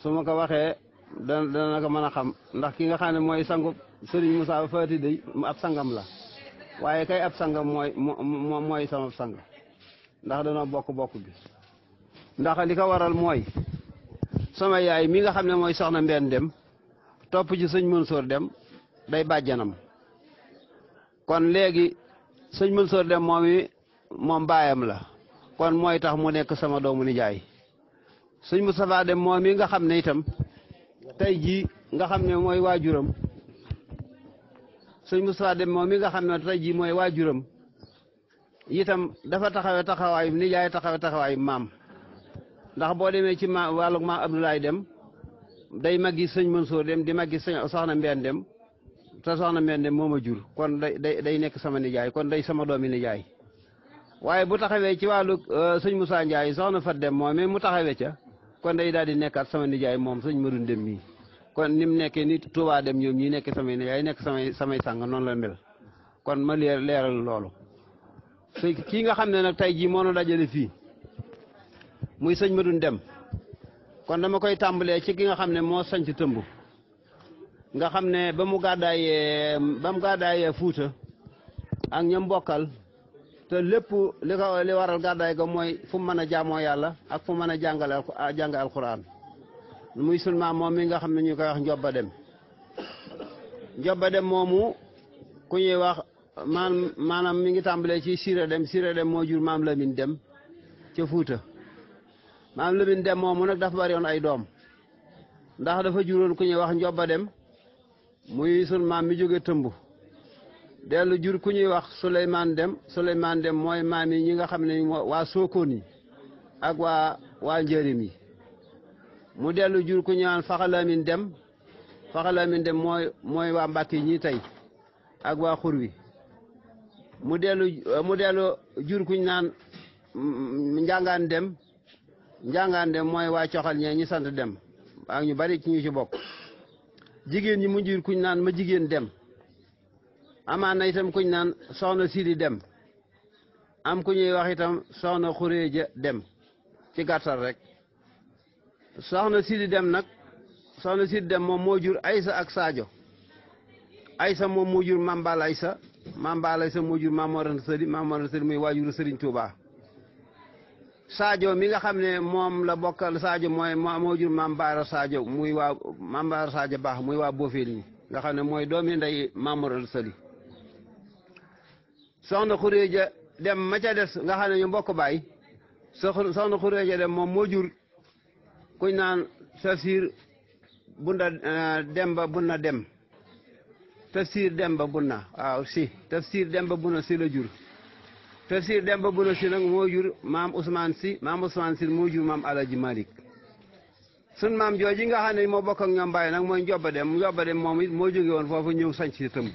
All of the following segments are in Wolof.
su ma ko waxee dana ko mën a xam ndax ki nga xam ne mooy sangu Serigne Moussa Fati day ab sangam la waaye kay ab sangam mooy moo mooy sama sang ndax danoo bokk-bokk bi ndax li ko waral mooy sama yaay mi nga xam ne mooy soxna Mbène dem topp ci sëñ Mansour dem day bàjjanam kon léegi sëñ Mansour dem moom i moom baayam la kon mooy tax mu nekk sama doomu nijaay sëñ Moustapha Dem moom mi nga xam ne itam tey jii nga xam ne mooy waa waajuram sëñ Moustapha Dem moom i nga xam ne tey jii mooy waa waajuram itam dafa taxawe taxawaayu ni yaay taxawe taxawaayu maam ndax boo demee ci ma wàllu maam Abdoulaye Dem day màggi sëñ soo Dem di màggi sëñ soxna Mbeen Dem te soxna Mbeen Dem moom ma jur kon day day nekk sama nijaay kon day sama doomi nijaay waaye bu taxawee ci wàllu euh, sëñ Moussa Ndiaye soxna Fat Dem moom mu taxawee ca kon day daal di nekkaat sama nijaay moom sëñ Madou dem mii kon ni mu nekkee ni Touba dem ñoom ñi nekkee samay nijaay nekk samay samay sang noonu la mel kon ma leer leeral loolu kii nga xam ne nag tey jii moo nu dajale fii muy sëñ Madou dem kon dama koy tàmbalee ci ki nga xam ne moo sanc tëmb nga xam ne ba mu gàddaayee ba mu gàddaayee Fuuta ak ñoom bokkal te lépp li ko li waral gàddaay ga mooy fu mu mën a jaamoo yàlla ak fu mu mën a jàngale ah, jàng alquran muy sulmaan moom mi nga xam ne ñu koy wax njoba dem njoba dem moomu ku ñuy wax maan maanaam mi ngi tàmbalee ci siira dem siira dem moo jur maam lamin dem ca fuuta maam lamin dem moomu nag dafa bari woon ay doom ndax dafa juróon ku ñuy wax njoba dem muy sulmaan mi jóge tëmb dellu jur ku ñuy wax Souleymane Dem Souleymane Dem mooy maam ñi nga xam ne waa Sokone yi ak waa waa njërim yi mu dellu jur ku ñaan Faxalamin Dem Faxalamin Dem mooy mooy waa ñi tey ak waa xur wi mu dellu mu dellu jur kuñ naan njàngaan dem njàngaan dem mooy waa coxal ñee ñi sant dem ak ñu bari ci ñu ci bokk jigéen ñi mu jur kuñ naan ma jigéen dem amaan na itam kuñ naan soxna Sidi dem am ku ñuy wax itam soxna Xureeja dem ci gàttal rek soxna siidi dem nag soxna Sidi dem moom moo jur Aysa ak saajo Aysa moom moo jur Mambal Aysa Mambal Aysa moo jur Maam Mor Anta Sali muy waajuru Sëriñ Tuuba Sadio mi nga xam ne moom la bokkal saajo mooy moo jur Mambaara muy waa Mambaara Sadio baax muy waa Bofil ñi nga xam ne mooy doomi ndey Maam Mor soxna xuréeja dem ma ca des nga xam ñu mbokk baay soxna xuréeja dem moom moo jur kuñ naan tafsir bunda euh, demba bunna dem tafsir demba bunna waaw si tafsir demba bunna si la jur tafsir demba bunna si nag moo jur maam Ousmane si maam Ousmane moo jur maam Alaji Malick sun maam jooji nga xam ne moo bokk ak ñoom Baye nag mooy Njoba dem Njoba dem moom it moo jóge woon foofu ñëw sanc si tëmb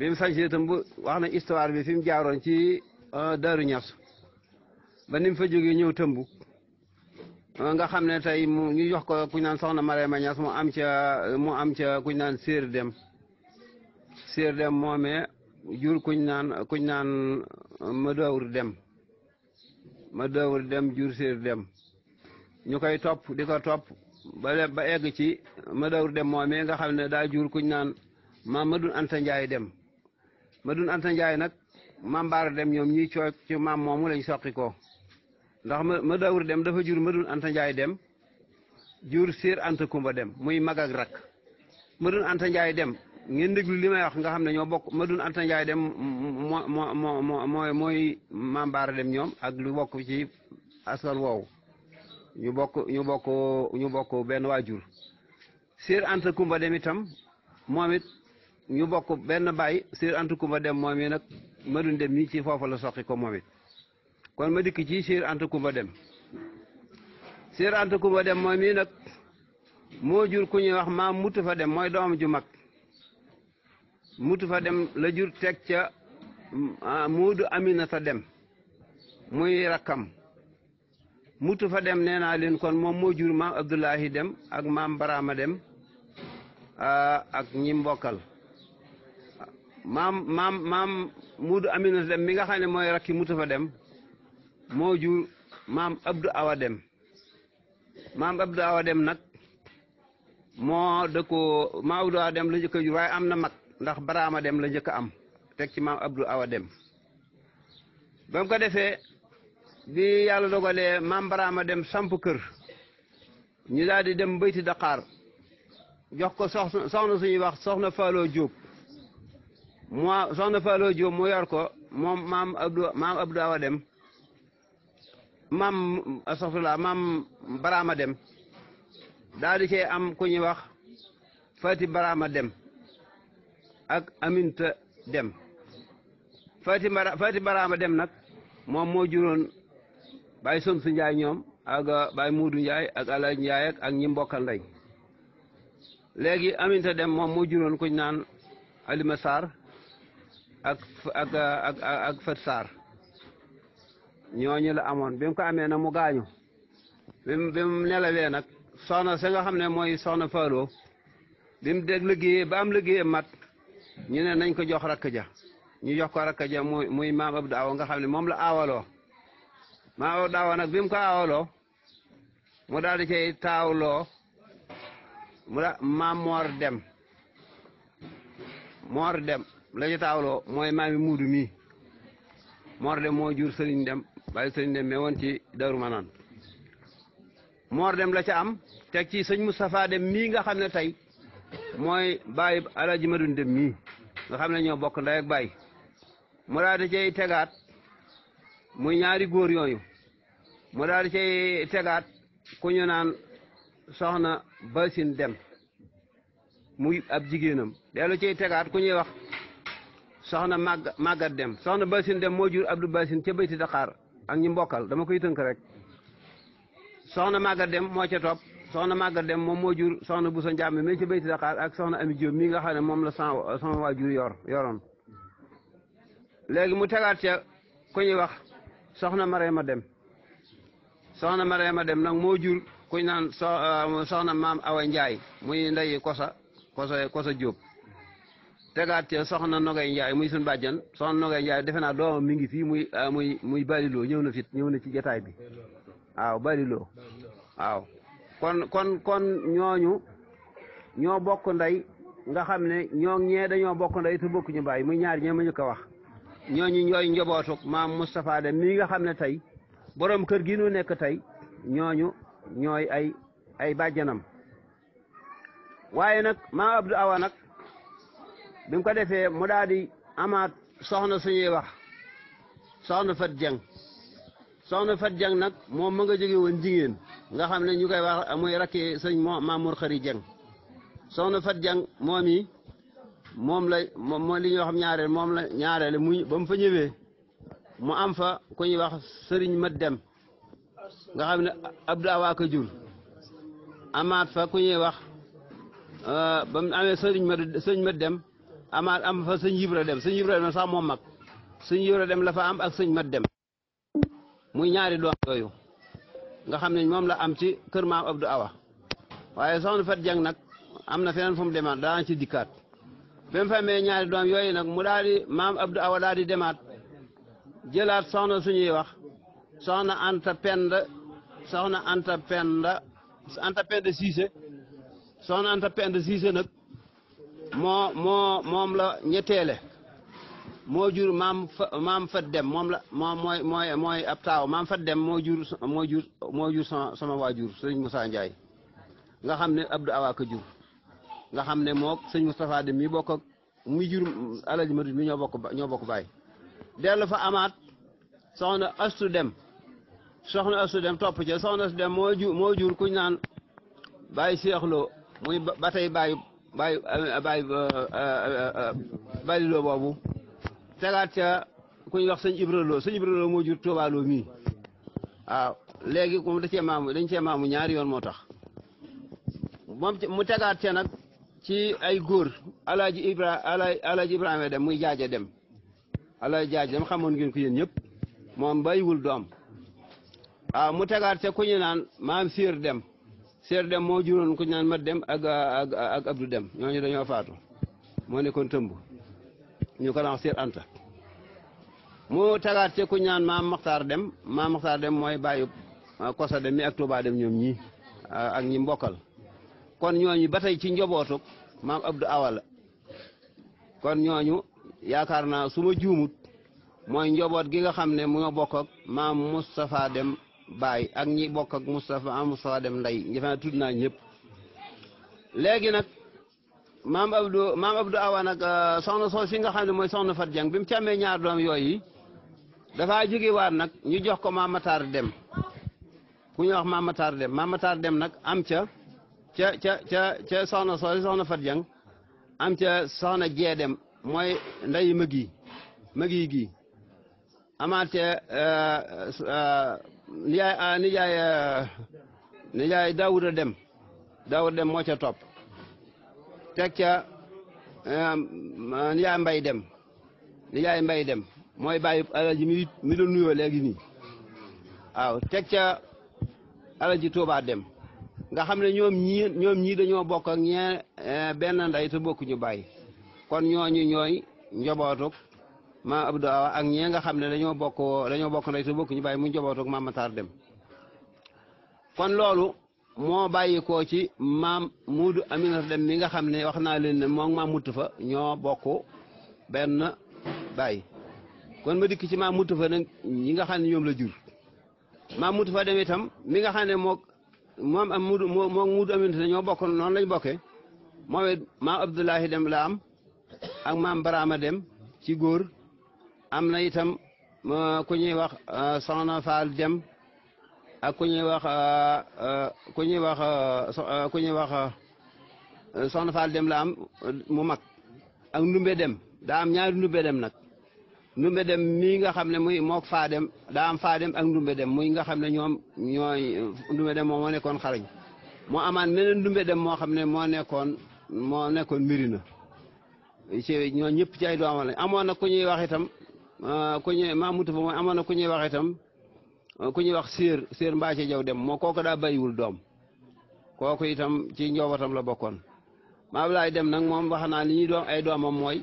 bi mu sañsee itam wax na histoire bi fi mu jaaroon ci euh, Daaru Ñas ba ni fa jógee ñëw tëmb euh, nga xam ne tey mu ñu jox ko kuñ naan soxna Mariama Ñas mu am ca mu am ca kuñ naan séer dem séer dem moomee jur kuñ naan kuñ naan euh, ma dawur dem ma dawur dem jur séer dem ñu koy topp di ko topp ba ba egg ci ma dawur dem moomee nga xam ne daal jur kuñ naan Mamadou Anta Ndiaye dem ma dun Anta Njaay nag maam Baara dem ñoom ñuy cooy ci maam moomu lañ soqi ko ndax ma ma dem dafa jur ma dun Anta Njaay dem jur séer Anta Kumba dem muy mag ak rakk ma dun Anta Njaay dem ngeen déglu li may wax nga xam ne ñoo bokk ma dun Anta Njaay dem moo moo moo mooy mooy maam Baara dem ñoom ak lu bokk ci askan woowu ñu bokk ñu bokk ñu bokk benn waajur séer Anta Kumba dem itam ñu bokk benn bàyyi Sëriñ Anta Kumba Dem moom yi nag Madun Dem ñi ci foofu la soqi ko moom kon ma dikk ci Sëriñ Anta Kumba Dem Sëriñ Anta Kumba Dem moom yi nag moo jur ku ñuy wax maam mutu fa dem mooy doom ju mag mutu fa dem la jur teg ca ah, muudu aminata dem muy rakkam mutu fa dem nee naa leen kon moom moo jur maam abdullahi dem ak maam baraama dem ah, ak ñi mbokkal Mam mam mam mudu amina dem mi nga xam moy rakki mutafa dem mo jur mam abdu awa dem mam abdu awa dem nak mo de ko abdu awa dem la jëk jur am na ndax baraama dem la jëk am tek ci mam abdu awa dem bam ko defé di yalla dogalé mam baraama dem samp kër ñu daal di dem beuti Dakar, jox ko soxna soxna suñu wax soxna falo moo mu yar ko moom maam Abdou maam Abdou Awa dem maam astaghfirullah maam Barama dem daal di cee am ku ñuy wax Fati Barama dem ak Aminta dem Fati Bara Fati Barama dem nag moom moo juróon Baye Somsu Njaay ñoom ak Baye Muudu Njaay ak Alaaji Njaay ak ñi mbokkal ndey léegi Aminta dem moom moo juróon kuñ naan Alima ak ak ñoo ñu la amoon bi mu ko amee na mu gaañu bi mu bi mu nelawee nag soxna sa nga xam ne mooy soxna Fallou bi mu dégg liggéeyee ba am liggéeyee mat ñu ne nañ ko jox rakk ñu jox ko rakk ja muy muy maam Abdou Awa nga xam ne moom la aawaloo maam Abdou Awa nag bi mu ko aawaloo mu daal di cay taawloo mu da maam Moor Dem Moor Dem. la ñu taawloo mooy maami muudu mii moor dem moo jur sëriñ dem bàyyi sëriñ dem mais woon ci daru manaan moor dem la ca am teg ci sëñ Moustapha dem mii nga xam ne tey mooy baay bàyyi alaji madun dem mii nga xam ne ñoo bokk ndey ak bàyyi mu daal di cay tegaat muy ñaari góor yooyu mu daal di cay tegaat ku ñu naan soxna basin dem muy ab jigéenam dellu cay tegaat ku ñuy wax soxna màgg màggat dem soxna basin dem moo jur abdou basin ca bayti Dakar ak ñi mbokkal dama koy tënk rek soxna màggat dem moo ca topp soxna màggat dem moom moo jur soxna busa njàmme mais ca bayti Dakar ak soxna ami Diop mi nga xam ne moom la sama waajur yor yoroon léegi mu tegaat ca ku ñuy wax soxna Marema dem soxna Marema dem nag moo jur kuñ naan soxna maam Awa Njaay muy ndeyi kosa kosa kosa Diop tegaat ca soxna Nogay Njaay muy suñu bàjjan soxna Nogay Njaay defe naa doomam mu ngi fii muy ah, muy muy baliloo ñëw na fit ñëw na ci jataay bi waaw baliloo waaw kon kon kon ñooñu ñoo bokk ndey nga xam ne ñoo ñee dañoo bokk ndey te ñu bàyyi muy ñaar ñee ma ñu ko wax ñooñu ñooy njobootuk maam Moustapha Dem mi nga xam ne tey boroom kër gi nu nekk tey ñooñu ñooy ay ay bàjjanam waaye nag maam Abdou Awa nag bi mu ko defee mu daal di amaat soxna suñuy wax soxna Fat Jeng soxna Fat Jeng nag moom ma nga jóge woon jigéen nga xam ne ñu koy wax muy rakki sëñ Mamour Xari Jeng soxna Fat Jeng moom moom la moom mooy li ñuy wax ñaareel moom la ñaareele muy ba mu fa ñëwee mu am fa ku ñuy wax sëriñ Mat Dem nga xam ne Abdou Awa ko jur amaat fa ku ñuy wax euh, ba mu amee sëriñ Mat Mat Dem amaat am fa sëñ Ibra dem sëñ Ibra dem sax moom mag sëñ Ibra dem la am ak sëñ mat dem muy ñaari doom yooyu nga xam ne moom la am ci kër maam Abdou Awa waaye soxna Fat Jang nag am na feneen fu mu demaat daan ci dikkaat bi mu fa amee ñaari doom yooyu nag mu daal di maam Abdou Awa daal di demaat jëlaat soxna suñuy wax soxna Anta Penda soxna Anta Penda Anta Penda Cissé soxna Anta Penda Cissé nag. moo moo moom la ñetteele moo jur maam fa maam fat dem moom la moom mooy mooy mooy ab taaw maam fat dem moo jur moo moo jur sama sama waajur sëñ Moussa Ndiaye nga xam ne Abdou Awa ka nga xam ne moo sëñ Moustapha dem mi bokk ak mi jur alaji mari mi ñoo bokk ñoo bokk baay dellu fa amaat soxna astu dem soxna astu dem topp ca soxna astu dem moo jur moo jur kuñ naan bàyyi seexloo muy ba tey bàyyi bàyyi bàyyi loo boobu tegaat ca ku ñuy wax sëñ Ibra Lo sëñ Ibra Lo moo jur Tuubaa Lo mii waaw léegi moom da cee maamu dañ cee maamu ñaari yoon moo tax moom mu tegaat ca nag ci ay góor alaaji Ibra alaaji Ibrahima dem muy jaaja dem alaaji jaaja dem xamoon ngeen ko yéen ñëpp moom bàyyiwul doom waaw mu tegaat ca ku ñu naan maam Siir dem seer dem moo juróon ku ñaan mat dem ak ak ak Abdou dem ñooñu dañoo faatu moo nekkoon tëmb ñu ko wax seer anta mu tagaat ci ku ñaan maam Maxtaar dem maa Maxtaar dem mooy bàyyi ah, kosa dem mi ak Touba dem ñoom ñi ah, ak ñi mbokkal kon ñooñu ba ci njobootuk maam Abdou Awal kon ñooñu yaakaar naa su ma juumut mooy njoboot gi nga xam ne mu nga bokk ak maam dem baay ak ñi bokk ak Moustapha am dem nday njëfena tudd na ñëpp léegi nag maam Abdou maam Abdou Awa nag euh, soxna soo si nga xam ne mooy soxna Fat Jang bi mu càmmee ñaar doom yooyu dafaa jóge waat nag ñu jox ko maam Matar dem ku ñu wax maam Matar dem maam Matar dem nag am ca ca ca ca ca soxna soo si soxna Fat Jang am ca soxna jee dem mooy nday mëg yi mëg yi gii amaat ca euh, euh, nijaay ah, nijaay eh, nijaay Daawuda Dem Daawuda Dem moo ca topp teg ca eh, nijaay Mbay Dem nijaay Mbay Dem mooy bàyyi alaji mi mi doon nuyoo léegi nii waaw teg ca alaji Tuubaa Dem nga xam ne ñoom ñi ñoom ñii dañoo bokk ak ñee eh, benn ndey te bokkuñu bàyyi kon ñooñu ñooy njobootuk maam Abdou ak ñee nga xam ne dañoo bokk dañoo bokk ndey te bokk ñu bay mu njaboot ak maam Matar dem kon loolu moo bàyyi koo ci maam Muudu Aminata dem mi nga xam ne wax naa leen ne moom maam mutt fa ñoo bokk benn bàyyi kon ma ci maam mutt fa nag ñi nga xam ne ñoom la jur maam mutt fa dem itam mi nga xam ne moom moom am Muudu moom Muudu Aminata ñoo bokk noonu lañ bokke moom it maam Abdoulahi dem la ak maam Barama dem ci góor am na itam ku ñuy wax euh, na Faal Dem ak ku ñuy wax euh, euh, ku ñuy wax ku ñuy wax soxna Faal Dem la am mu mag ak Ndumbe Dem daa am ñaari Ndumbe Dem nag Ndumbe Dem mii nga xam ne muy mook Faa Dem daa am Faa Dem ak Ndumbe Dem muy nga xam ne ñoom ñooy Ndumbe Dem moom moo nekkoon xareñ moo amaan meneen Ndumbe Dem moo xam ne moo nekkoon moo nekkoon Mirina ci ñoo ñëpp ci ay doomam lañ amoon na wax itam Ah, ku ñuy Mahmoud Fa mooy amoon na ku ñuy wax itam ah, ku ñuy wax séer séer Mbacke Jaw dem moo kooko daa bàyyiwul doom kooku itam ci njabootam la bokkoon. Maam Ablaay dem nag moom wax naa li ñuy doom ay doomam mooy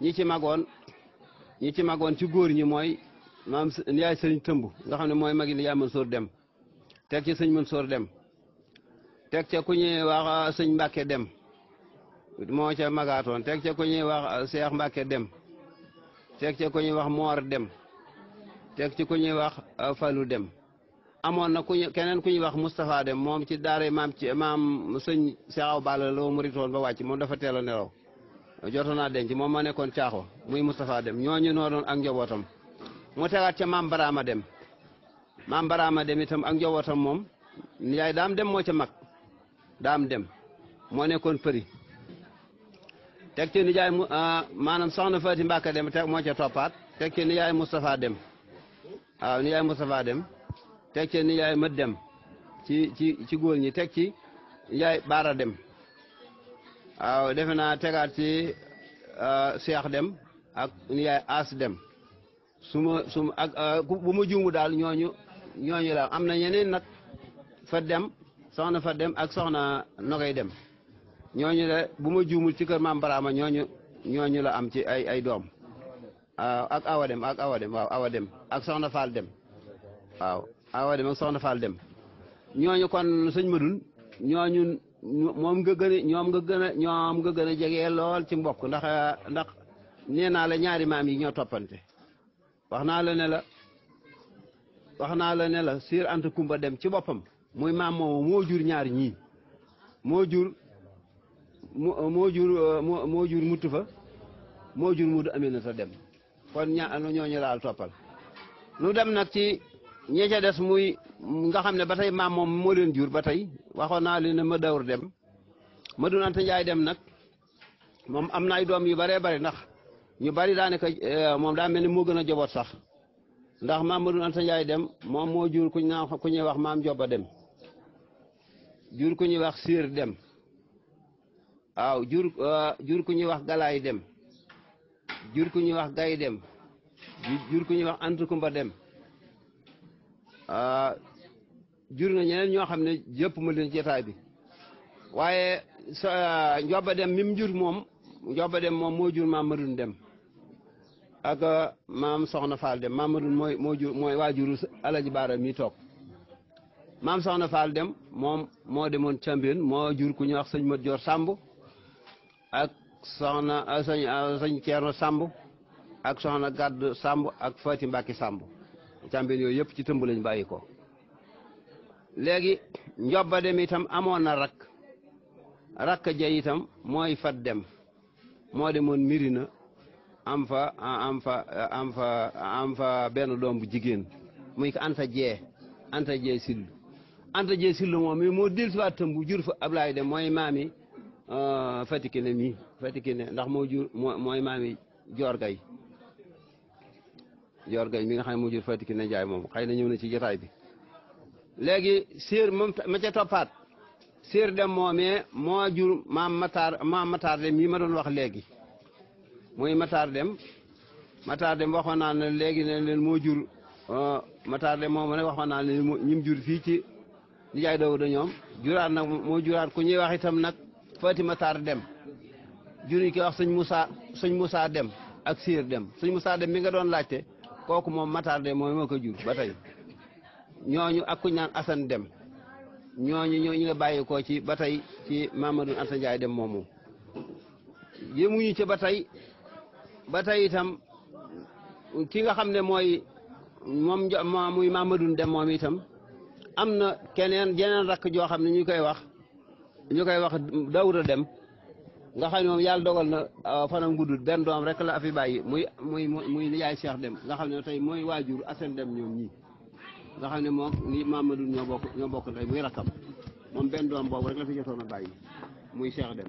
ñi ci magoon ñi ci magoon ci góor ñi mooy maam yaay sëñ tëmb nga xam ne mooy magi yaay Mansour dem teg ci sëñ Mansour dem teg ca ku ñuy wax ah, sëñ Mbacke dem moo ca magaatoon teg ca ku ñuy wax Cheikh Mbacke dem. teg ci ku ñuy wax moor dem teg ci ku ñuy wax euh, falu dem amoon na ku ñu keneen ku ñuy wax Moustapha dem moom ci daara maam ci maam sëñ Seexaw Balla loo muritoon ba wàcc moom dafa teel a nelaw jotoon naa denc moom moo nekkoon caaxo muy Moustapha dem ñooñu noo doon ak njabootam mu tegaat ca maam Baraama dem maam Baraama dem itam ak njabootam moom yaay daam dem moo ca mag daam dem moo nekkoon përi teg ci nijaay mu ah, maanaam soxna Faati Mbàkke dem teg moo ca toppaat teg ci nijaay Moustapha dem waaw nijaay Moustapha dem teg ci nijaay Mat dem ci ci ci góor ñi teg ci nijaay Baara dem waaw defe naa tegaat ci Cheikh ah, dem ak nijaay As dem suma ma su ma ak ah, bu ma juumu daal ñooñu ñooñu am na ñeneen nag fa dem soxna fa dem ak soxna nogay dem. ñooñu de bu ma juumul ci kër maam Baraama ñooñu ñooñu la am ci ay ay doom ak awa dem ak awa dem waaw awa dem ak soxna Fall dem waaw awa dem ñooñu kon sëñ Madun ñooñu moom nga gën a ñoom gën a jege lool ci mbokk ndax ndax nee naa la ñaari maam yi ñoo toppante wax naa la ne la wax naa la ne la siir Anta Kumba dem ci boppam muy maam moomu moo jur ñaari ñii moo jur. moo jur moo jur mutt fa moo jur mudd amee na ta dem kon ña ñooñu laal toppal nu dem nag ci ñi ca des muy nga xam ne ba tey maam moom moo leen jur ba tey waxoon naa leen ne ma dawr dem ma dun anta njaay dem nag moom am na ay doom yu baree bari ndax ñu bari daanaka eh, moom daa mel ni moo gën a joboot sax ndax maam ma dun anta njaay dem moom moo jur ku ñu ku ñuy wax maam jobba dem jur ku ñuy wax siir dem waaw jur euh, jur ku ñuy wax galaay dem jur ku ñuy wax gay dem ku ñuy wax antukumba dem euh, jur na ñeneen ñoo xam ne yëpp ma leen jotaay bi waaye euh, njoba dem mi mu moom njoba dem moom moo jur mamadun dem ak mam soxna Fall dem mamadun mooy moo jur alaji baara mi toog maam soxna Fall dem moom moo demoon cambien moo jur ku ñuy wax sëñ Mat Joor Sàmb ak soxna sëñ ah, sëñ Thierno Samb ak soxna Gàdd Samb ak Faati Mbàkke Samb càmbin yooyu yëpp ci tëmb lañ bàyyi ko léegi njobba dem itam amoon na rak rakk ja itam mooy fat dem moo demoon mirina am fa am fa benn doom bu jigéen muy ko anta jee anta jee sillu anta jee sillu moom mi moo dellusiwaat tëmb jur fa Ablaay dem mooy maami Ah, Fatick la mii Fatick la ndax moo jur mooy maami Joor Gay Joor Gay mi nga xam ne moo jur Fatick la Njaay moom xëy na ñëw na ci jotaay bi léegi séer moom ma ca toppaat séer dem moomee jur maam Matar maam Matar dem yi ma doon wax léegi mooy Matar dem Matar dem waxoon naa léegi ne leen moo jur ah, Matar dem moom rek waxoon naa ne ñim jur fii ci Njaay Dawuda ñoom juraat nag moo juraat ku ñuy wax nag Fatima Sarr dem juriñ ki wax sëñ Moussa sëñ Moussa dem ak Siir dem sëñ Moussa dem mi nga doon laajte kooku moom Matar dem mooy moo ko jur ba tey ñooñu ak ku ñaan Assane dem ñooñu ñooñu la bàyyi ko ci ba tey ci Mamadou Anta dem moomu yëmuñu ba tey itam ki nga xam ne mooy moom muy Mamadou dem moom itam am na keneen jeneen rakk joo ne ñu koy wax ñu koy wax daawuta dem nga xam ne moom yàlla dogal na ah, fanam guddul benn doom rek la fi bàyyi muy muy muy yaay Cheikh Dem nga xam ne tey mooy waajur Assane Dem ñoom ñii nga xam ne moom ni Mamadou ñoo bokk ñoo bokk tey muy rakkam moom benn doom boobu rek la fi jotoon bàyyi muy Cheikh Dem